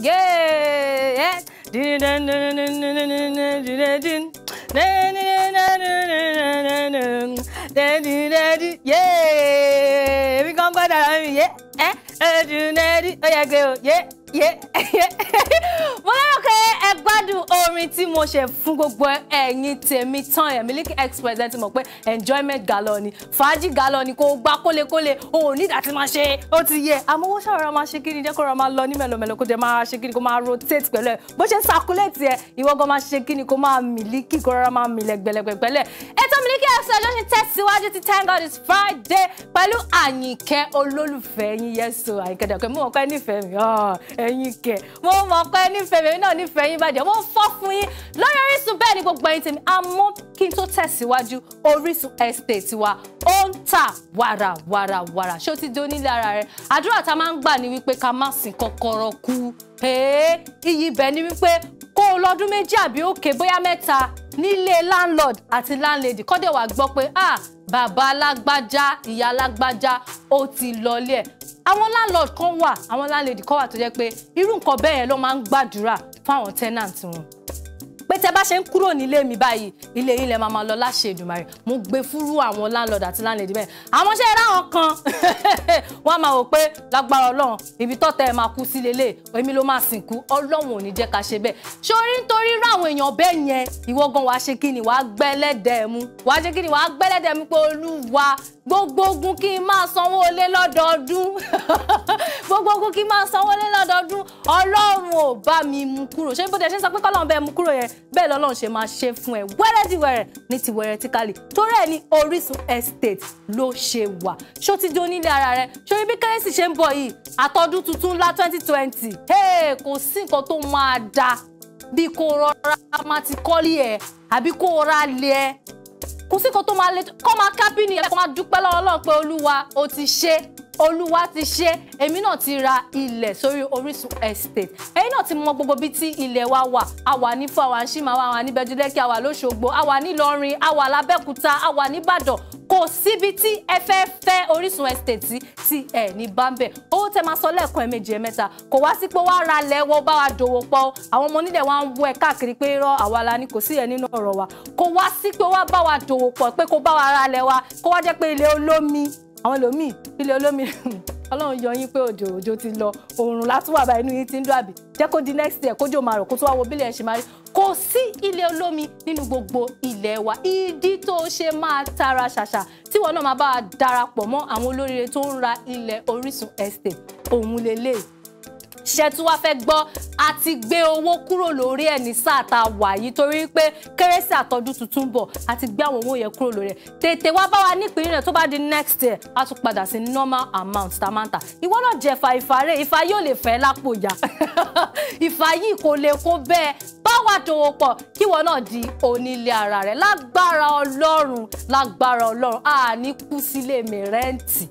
Yeah. Yeah. We gonna go down. Yeah. Eh. eh oh yeah. Go. Yeah. Yeah. Yeah. Well, okay. ẹ gbádùn orin tí mo ṣe fún gbogbo ẹ̀yin tèmi tán ẹ̀ Miliki Express ẹ ti mọ̀ pé enjoyment galọ ni fàájì galọ ni kò gba kólekóle o ò ní ìdàtí máa ṣe ó ti yẹ àmọ́ owó ṣàrọ̀ra máa ṣe kí ni jẹ́ kó rọra máa lọ ní mẹ́lọmẹ́lọ kó jẹ́ máa ṣe kí ni kó máa rotate pẹ̀lú ẹ̀ bó ṣe ń circulate ẹ̀ ìwọ gan máa ṣe kí ni kó máa Miliki kó rọra máa mì lẹ́gbẹ̀lẹ́gbẹ̀lẹ́ ètò Miliki Express ló ṣe tẹ̀síwájú ti thank God it's Friday pẹ̀lú Àyìnkẹ́ olólùfẹ́ yín yẹ́sọ Àyìnkẹ́ dàgbẹ́ mo mọ̀ pé nífẹ̀ẹ́ mi ẹ̀yìn kẹ́ mo mọ̀ pé nífẹ̀ẹ́ mi náà nífẹ̀ẹ́ yín ìbàjẹ́ wọ́n fọ́ fún yín lórí Orísun bẹ́ẹ̀ ni gbogbo ẹ̀yin tèmi àmọ́ kí n tó tẹ̀síwájú Orísun estate wa ó ń tà wàràwàràwàrà ṣé o ti di onílé ara rẹ àdúrà tá a máa ń gbà ní wípé ká má sìn kọ́kọ́rọ́ kú iyì ibẹ̀ ni wípé kó o lọ́dún méjì àbí òkè bóyá mẹ́ta nílé landlord àti landlady kọ́dẹ̀ wàá gbọ́ pé ah bàbá alágbájá ìyá alágbájá ó ti lọlé ẹ̀ àwọn landlord kan wà àwọn landlady kan wà tó jẹ́ pé irú nǹkan bẹ́ẹ̀ yẹn ló máa ń gbàdúrà fáwọn tenant wọn pé tẹ bá ṣe ń kúrò nílé mi báyìí ilé yín lẹ máa máa lọ láṣẹ Èdùmàrè mo gbé fúrú àwọn landlord àti landlady bẹ́ẹ̀ àmọ́ ṣe ráwọn kan wọ́n máa wò pé lágbára Ọlọ́run ibi tọ̀tẹ̀ ẹ máa kú sí lélẹ̀ èmi ló máa sìnkú Ọlọ́run ò ní jẹ́ ká ṣe bẹ́ẹ̀ sórí nítorí ráwọn èèyàn bẹ́ẹ̀ yẹn ìwọ wàá ṣe kíni wàá gbẹ́lẹ́dẹ̀ mu wàá ṣe kíni wàá gbẹ́lẹ́dẹ̀ mu pé Olúwa gbogbo kí n máa sanwó lé lọ́dọọdún wọn ò bá mi mú kúrò ṣé bóde ṣe ń sọ pé kọ́lọ́n bẹ́ẹ̀ mú kúrò yẹn bẹ́ẹ̀ lọ́lọ́run ṣe máa ṣe fún ẹ wẹ́rẹ́ ti wẹ̀rẹ̀ ní ti wẹ̀rẹ̀ ti kalẹ̀ torí ẹ̀ ní Orísun estate ló ṣe wà ṣó ti jó nílé ara rẹ ṣorí bí kérésì ṣe ń bọ̀ yìí àtọ́dún tuntun ńlá twenty twenty kò sí nǹkan tó máa da bí kò rọra máa ti kọ́lé ẹ̀ àbí kò rọra lé ẹ̀ kò sí nǹkan tó máa lé kọ́ máa kápínì ẹ̀ kọ́ máa dúpẹ́ lọ́wọ́ Ọlọ́run pé Olúwa ó ti ṣe olúwa ti ṣe èmi náà ti ra ilẹ̀ sórí Orísun estate ẹ̀yin náà ti mọ gbogbo bí tí ilẹ̀ wa wà a wà ní fún àwa ṣì máa wà wà ní bẹjúdẹ́kì a wà lóṣogbo a wà ní Ìlọrin a nìbàdàn kò síbi tí ẹ fẹ́ fẹ́ Orísun estate tí tí ní bámbẹ̀ owó tẹ máa sọ lẹ́ẹ̀kan ẹ̀mejì ẹ̀mẹ́ta kò wá sí pé wá ra lẹ́wọ́ bá wa dòwò pọ̀ àwọn ọmọ onílẹ̀ wa ń wọ ẹ káàkiri pé irọ́ àwa la ni kò sí ẹ nínú ọ̀rọ̀ wa kò wá sí pé wá bá wa dòwò pọ̀ pé kò bá wa ra lẹ́wà kó wá jẹ́ pé ilé olómi àwọn ẹlòmíì ilé olómi ọlọ́run yọ yín pé òjò òjò ti lọ oòrùn látúwà bá inú yín ti ń dùn àbí jẹ́ kó di next year kójò máa rọ̀ kó tó wá wo bílẹ̀ ẹ̀ ṣe máa rí kò sí ilé olómi nínú gbogbo ilẹ̀ wa ìdí tó ṣe máa tara ṣàṣà tí wọn náà máa bá a darapọ̀ mọ́ àwọn olóríire tó ń ra ilẹ̀ Orísun estate òun lélẹ́yìí ṣe tí wàá fẹ́ gbọ́ a ti gbé owó kúrò lórí ẹ̀ ní sáà tá a wà yìí torí pé kérésì àtọ́dún tuntun bọ̀ a ti gbé àwọn owó yẹn kúrò lórí ẹ̀ tètè wá bá wa nípìnlẹ̀ tó bá di next year a tún padà sí normal amount tá a máa ń tà ìwọ náà jẹ̀fà ìfàrẹ́ ìfà yóò lè fẹ́ lápò yá ìfà yìí kò lè kó bẹ́ẹ̀ bá wà dòwò pọ̀ kíwọ náà di onílé ara rẹ̀ lágbára ọlọ́run lágbára ọlọ́run àní kú sílé mẹ́rẹ́ǹtì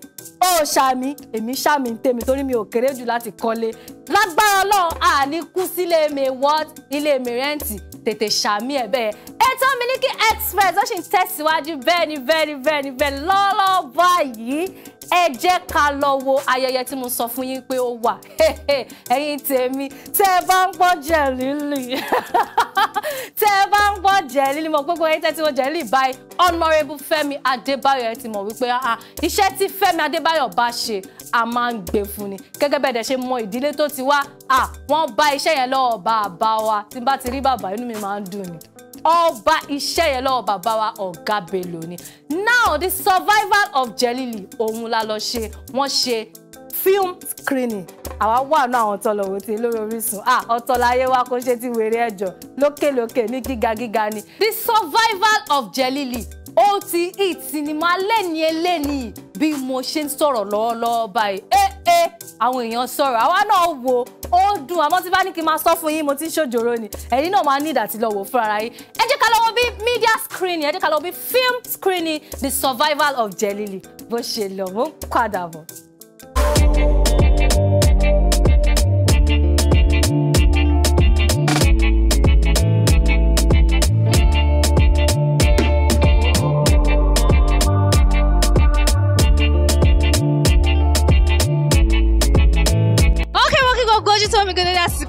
ó ṣàmì èmi ṣàmì tèmi torí mi ò kéré jù láti kọ́lé lágbára ọlọ́run àní kú sílé mi wọ́t ilé mi rẹ́ǹtì tètè ṣàmì ẹ̀ bẹ́ẹ̀ ètò Miliki Express ó sì ń tẹ̀síwájú bẹ́ẹ̀ ni bẹ́ẹ̀ ni bẹ́ẹ̀ ni bẹ́ẹ̀ báyìí ẹ jẹ́ ká lọ wo ayẹyẹ tí mo sọ fún yín pé ó wà ẹ̀yin tèmi tẹ́ ẹ bá ń gbọ́ jẹ̀lílì tẹ́ ẹ bá ń gbọ́ jẹ̀lílì mo gbogbo ẹ̀yin tẹ́ ti wọ́n jẹ̀lílì báyìí honourable Fẹ́mi Adébáyọ̀ ẹ ti mọ̀ wípé ah, iṣẹ́ tí Fẹ́mi Adébáyọ̀ bá ṣe a máa ń gbé fún ni gẹ́gẹ́ bẹ́ẹ̀ dẹ̀ ṣe mọ ìdílé tó ti wá ah, wọ́n bá iṣẹ́ yẹn lọ́wọ́ bàbá wa tí n bá ti rí bàbá inú mi máa ń dùn ni ọba iṣẹ́ yẹn lọ́wọ́ bàbá wa ọ̀gá Bello ni now the survival of Jelili òun la lọ ṣe wọ́n ṣe film screening àwa wà náà àwọn ọ̀tọ̀ lọ́wọ́ tí lórí Orísun ah ọ̀tọ̀ láyé wa kò ṣe ti wèrè ẹ̀jọ̀ lókèlókè ní gíga gíga ni the survival of Jelili ó ti hit sinimá lẹ́ni eléni bí mo ṣe ń sọ̀rọ̀ lọ́wọ́lọ́wọ́ báyìí pé àwọn èèyàn sọ̀rọ̀ àwa náà wò ó dùn àmọ́ tí bá ní kí n máa sọ fún yín mo ti ń ṣòjòrò ni ẹ̀yin náà máa ní ìdàtí lọ wò fúnra yín ẹ jẹ́ ká lọ wo bí media screening ẹ jẹ́ ká lọ bí film screening the survival of Jelili bó ṣe lọ mo ń padà bọ̀.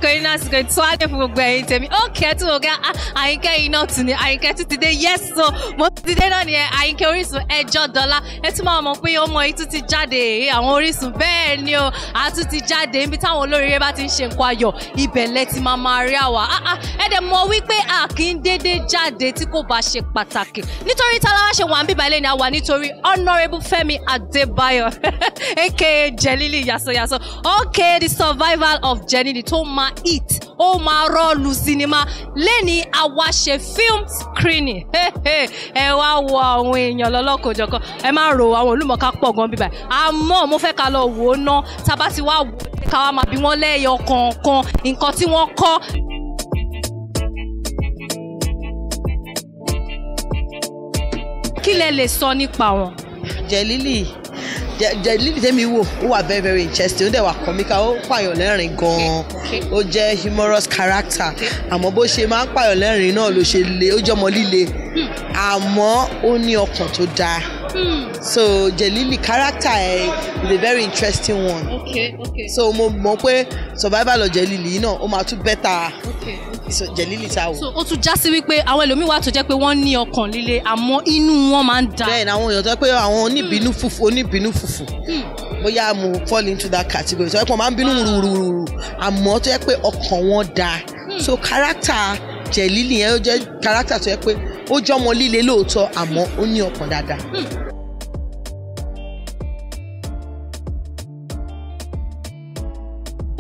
ọkùnrin náà sì kò tún á lè fún gbogbo ẹ̀yin tèmi ó kẹ́tù ọ̀gá àyíká yìí náà tún ní àyíká tún ti dídé náà nìyẹn àyíké orísun ẹjọ́ dọ́là ẹ tún máa mọ̀ pé ọmọ yìí tún ti jáde àwọn orísun bẹ́ẹ̀ ni o a tún ti jáde níbi táwọn olóríire bá ti ń ṣe nǹkan ayọ̀ ibẹ̀ lẹ ti máa máa rí àwa ah, ah, ẹ dẹ̀ mọ̀ wípé a kì í dédé jáde tí kò bá ṣe pàtàkì nítorí táláwá ṣe wà bíbá ilé ni a wà nítorí honourable Fẹ́mi Adébáyọ̀ aka Jelili yasoyaso okay the survival of Jenny, tó máa eat ó máa rọ́ọ̀lù sinimá lẹ́ni àwa film screening ẹ wá wo àwọn èèyàn lọ́lọ́kọ̀ọ́jọ̀kan ẹ má ro àwọn olùmọ̀ọ́ká pọ̀ gan bíbá àmọ́ mo fẹ́ ká lọ wò ó ná tá a bá ti wá wò ó ká wá máa bí wọ́n lẹ́yọ kọ̀ọ̀kan nǹkan tí wọ́n kọ́ kí lẹ lè sọ nípa wọn. jẹ̀lílì the lead tèmi wò ó wà very very interesting ó dẹ̀ wà kọ́míkà ó pààyàn lẹ́rìn gan-an ó humorous character àmọ́ bó ṣe máa ń pààyàn lẹ́rìn náà ló ṣe le ó jẹ́ ọmọ líle hmm. àmọ́ ó ní ọkàn tó dáa. Hmm. so jelili character ẹ is a very interesting one. okay okay. so mo mọ̀ pé survival of jelili náà ó máa tún better. okay jẹ̀lílì tá a wò. so ó tún já sí wípé àwọn ẹlòmíín wà tó jẹ́ pé wọ́n ní ọkàn líle àmọ́ inú wọn máa ń da. bẹ́ẹ̀ ni àwọn èèyàn tó pé àwọn hmm. oníbínú fùfù oníbínú fùfù hmm. bóyá mo fall into that category tó yẹ pé wọ́n máa ń bínú ah. rúurúurú àmọ́ tó yẹ pé ọkàn wọn da hmm. so character jẹ̀lílì yẹn ó jẹ́ character tó yẹ pé ó jọmọ líle lóòótọ́ àmọ́ ó ní ọkàn dáadáa.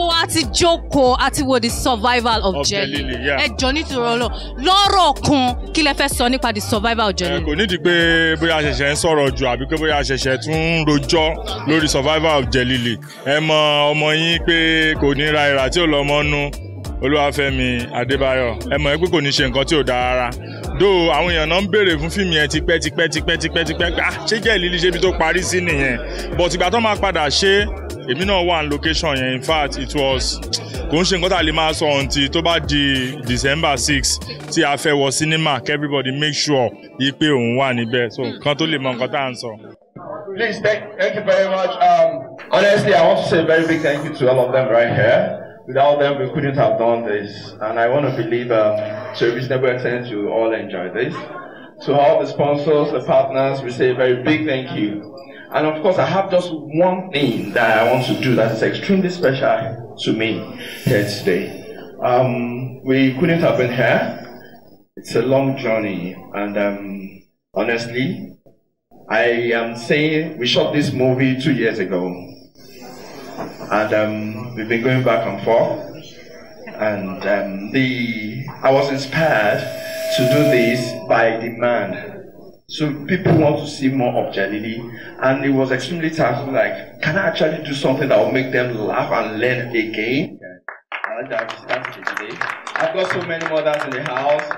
gbogbo wa ti jókòó àti wo the survival of jelly ẹ jọ nítorí ọlọ lọ́rọ̀ kan kí lẹ fẹ́ sọ nípa the survival of jelly. kò nídìí pé bóyá a ṣẹ̀ṣẹ̀ ń sọ̀rọ̀ jù àbí pé bóyá a ṣẹ̀ṣẹ̀ tún ń rojọ́ lórí survival of jelly ẹ mọ ọmọ yín pé kò ní ra ìrà tí ò lọ́mọ nú olúwàfẹ́mi adébáyọ̀ ẹ mọ̀ ẹ́ pé kò ní ṣe nǹkan tí ò dáa rárá do àwọn èèyàn náà ń béèrè fún fíìmù yẹn tipẹ́ tipẹ́ tipẹ́ tipẹ́ tipẹ́ ah ṣé jẹ́ ìlílí ṣe ibi tó parí sí nìyẹn bọ̀tìgbà tó máa padà ṣe èmi náà wà ní location yẹn in fact it was kò ń ṣe nǹkan tá a lè máa sọ until tó bá di December six tí a fẹ́ wọ cinema kí everybody make sure yí pé òun wà níbẹ̀ so hmm. kan tó lè mọ nǹkan tá à ń sọ. Please thank, thank you very much. Um, honestly, I want to say a very big thank you to all of them right here. Without them, we couldn't have done this. And I want to believe um, to a reasonable extent you all enjoy this. To all the sponsors, the partners, we say a very big thank you. And of course, I have just one thing that I want to do that is extremely special to me here today. Um, we couldn't have been here. It's a long journey, and um, honestly, I am saying we shot this movie two years ago, and um, we've been going back and forth. And um, the I was inspired to do this by demand So people want to see more of Jalili, and it was extremely tough. Like, can I actually do something that will make them laugh and learn again? Okay. That's, that's today. I've got so many mothers in the house.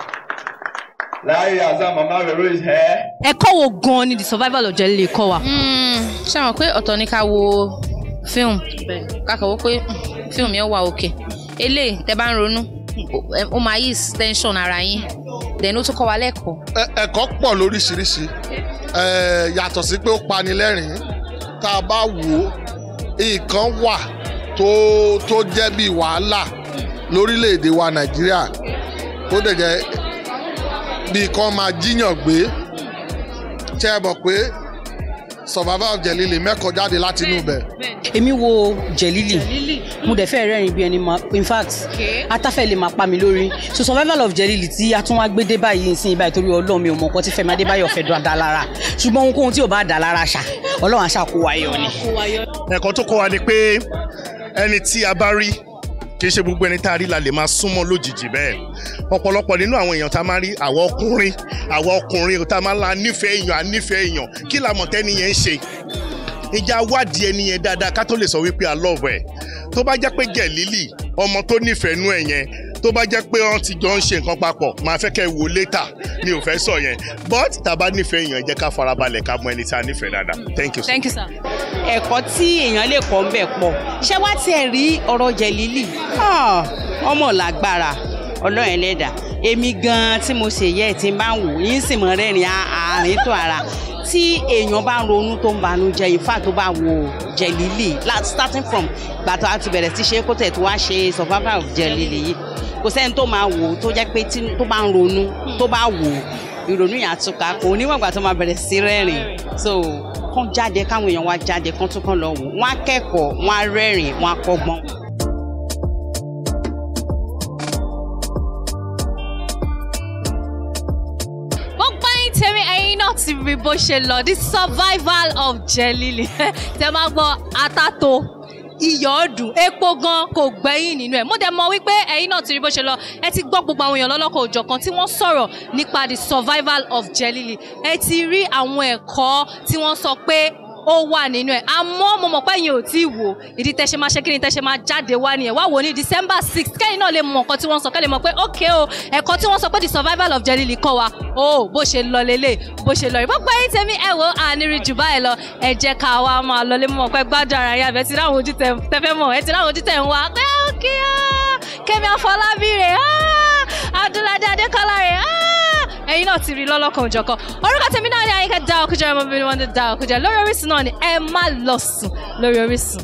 láyé azá mama rere is here. ẹ̀kọ́ wo gan-an ni the survival of Jelly kọ́ wa. Hmm, ṣé àwọn pé ọ̀tọ̀ ni ká wo fíìmù kákan wo pé hmm, fíìmù yẹn wà òkè eléyìí tẹ bá ń ronú ó máa yí extension ara yín then ó tún kọ́ wa lẹ́kọ̀ọ́. ẹ̀kọ́ pọ̀ lóríṣiríṣi yàtọ̀ sí pé ó pani lẹ́rìn-ín tá a bá wò ó nǹkan wà tó tó jẹ́ bí wàhálà lórílẹ̀‐èdè wa nàìjíríà ó dẹ̀ jẹ́ bí kan máa jíyàn gbé tẹ́ ẹ mọ̀ pé survivor of jelili mẹ́kọ̀ jáde láti inú bẹ̀. èmi wo jelili mo dẹ̀ fẹ́ rẹ́rìn bí ẹni ma in fact atafẹ́ lè máa pa mi lórí so survival of jelili tí a tún wá gbé dé báyìí nísìnyí báyìí torí ọlọ́run mi ò mọ̀ nǹkan tí Fẹ́mi Adébáyọ̀ fẹ́ dùn àdá lára ṣùgbọ́n ohunkóhun tí ò bá dà lára ṣá ọlọ́run àṣà kó wa yọ ni. ẹ̀kọ́ tó kọ́ wa ni pé ẹni tí a bá rí kì í ṣe gbogbo ẹni tá a rí la lè máa súnmọ́ lójijì bẹ́ẹ̀ ọ̀pọ̀lọpọ̀ nínú àwọn èèyàn tá a máa rí àwa ọkùnrin àwa ọkùnrin tá a máa la nífẹ̀ẹ́ èèyàn ànífẹ̀ẹ́ èèyàn kí làmọ̀tẹ́ nìyẹn ń ṣe ìjà wádìí ẹni yẹn dáadáa ká tó lè sọ wípé a ẹ̀ tó bá jẹ́ pé gẹ̀lílì ọmọ tó nífẹ̀ẹ́ nú ẹ̀ yẹn tó bá jẹ́ pé wọ́n ti jọ ń ṣe nǹkan papọ̀ màá fẹ́ kẹ́ wo later mi ò fẹ́ sọ yẹn but tàbá nífẹ̀ẹ́ èèyàn jẹ́ ká farabalẹ̀ ká mọ ẹni tá a nífẹ̀ẹ́ dáadáa thank you sir. thank you sir. ẹ̀kọ́ tí èèyàn lè kọ́ ń bẹ̀ pọ̀ ṣé wá tiẹ̀ rí ọ̀rọ̀ jẹ̀ lílì ah, ọmọ làgbára ọlọ́run ẹlẹ́dà èmi gan tí mo ṣe yẹ tí n bá ń wò yín sì mọ rẹ́rìn àárín tó ara tí èèyàn bá ń ronú tó ń banújẹ́ ìfà tó bá wo jẹ̀lílì starting from gbàtọ́ àti bẹ̀rẹ̀ sí ṣe kó tẹ̀ tó wá ṣe survival of jẹ̀lílì yìí kò sẹ́ni tó máa wò ó tó jẹ́ pé tó bá ń ronú tó bá wò ó ìrònú yẹn àtúkà kò níwọ̀ngbà tó máa bẹ̀rẹ̀ sí rẹ́rìn so kán jáde káwọn èèyàn wá jáde kán tún kán lọ wò wọ́n á kẹ́kọ̀ọ́ wọ́n á rẹ́rìn wọ́n á kọ́gbọ́n. ti rí bó ṣe lọ the survival of jelly tẹ máa gbọ́ atato iyọ̀ dùn epo gan kò gbẹ́yìn nínú ẹ̀ mo dẹ̀ mọ̀ wípé ẹ̀yin náà ti rí bó ṣe lọ ẹ ti gbọ́ gbogbo àwọn èèyàn lọ́lọ́kọ̀ òjọ̀kan tí wọ́n sọ̀rọ̀ nípa the survival of Jelili ẹ ti rí àwọn ẹ̀kọ́ tí wọ́n sọ pé ó wà nínú ẹ̀ àmọ́ mo mọ̀ pé yẹn ò tí ì wò ìdí tẹ́ ṣe máa ṣe kí ni tẹ́ ṣe máa jáde wá nìyẹn wá wò ní December six kẹ́yìn náà lè mọ nǹkan tí wọ́n sọ kẹ́lẹ́ mọ̀ pé ok o ẹ̀kọ́ tí wọ́n sọ pé the survival of jelly lè kọ́ wa o bó ṣe lọ lélẹ̀ bó ṣe lọ rí gbogbo ẹ̀yin tèmi ẹ wò àníri jù báyìí lọ ẹ jẹ́ ká wa máa lọ lé mọ̀ pé gbádùn ara yà bẹ́ẹ̀ ti ráwọn ojú tẹ fẹ́ mọ̀ ẹ ti ráwọn ojú tẹ̀ ń wá Kẹ́mi Afọlábí rè ah! Adúládé Adékọ́lá rè ah! ẹ̀yin náà ti rí lọ́lọ́kan òjọ̀kan orúkọ tèmi náà ni Àyìnkẹ́ Dáòkújà ọmọbìnrin wọn ní Dáòkújà lórí Orísun náà ni ẹ má lọ sùn lórí Orísun.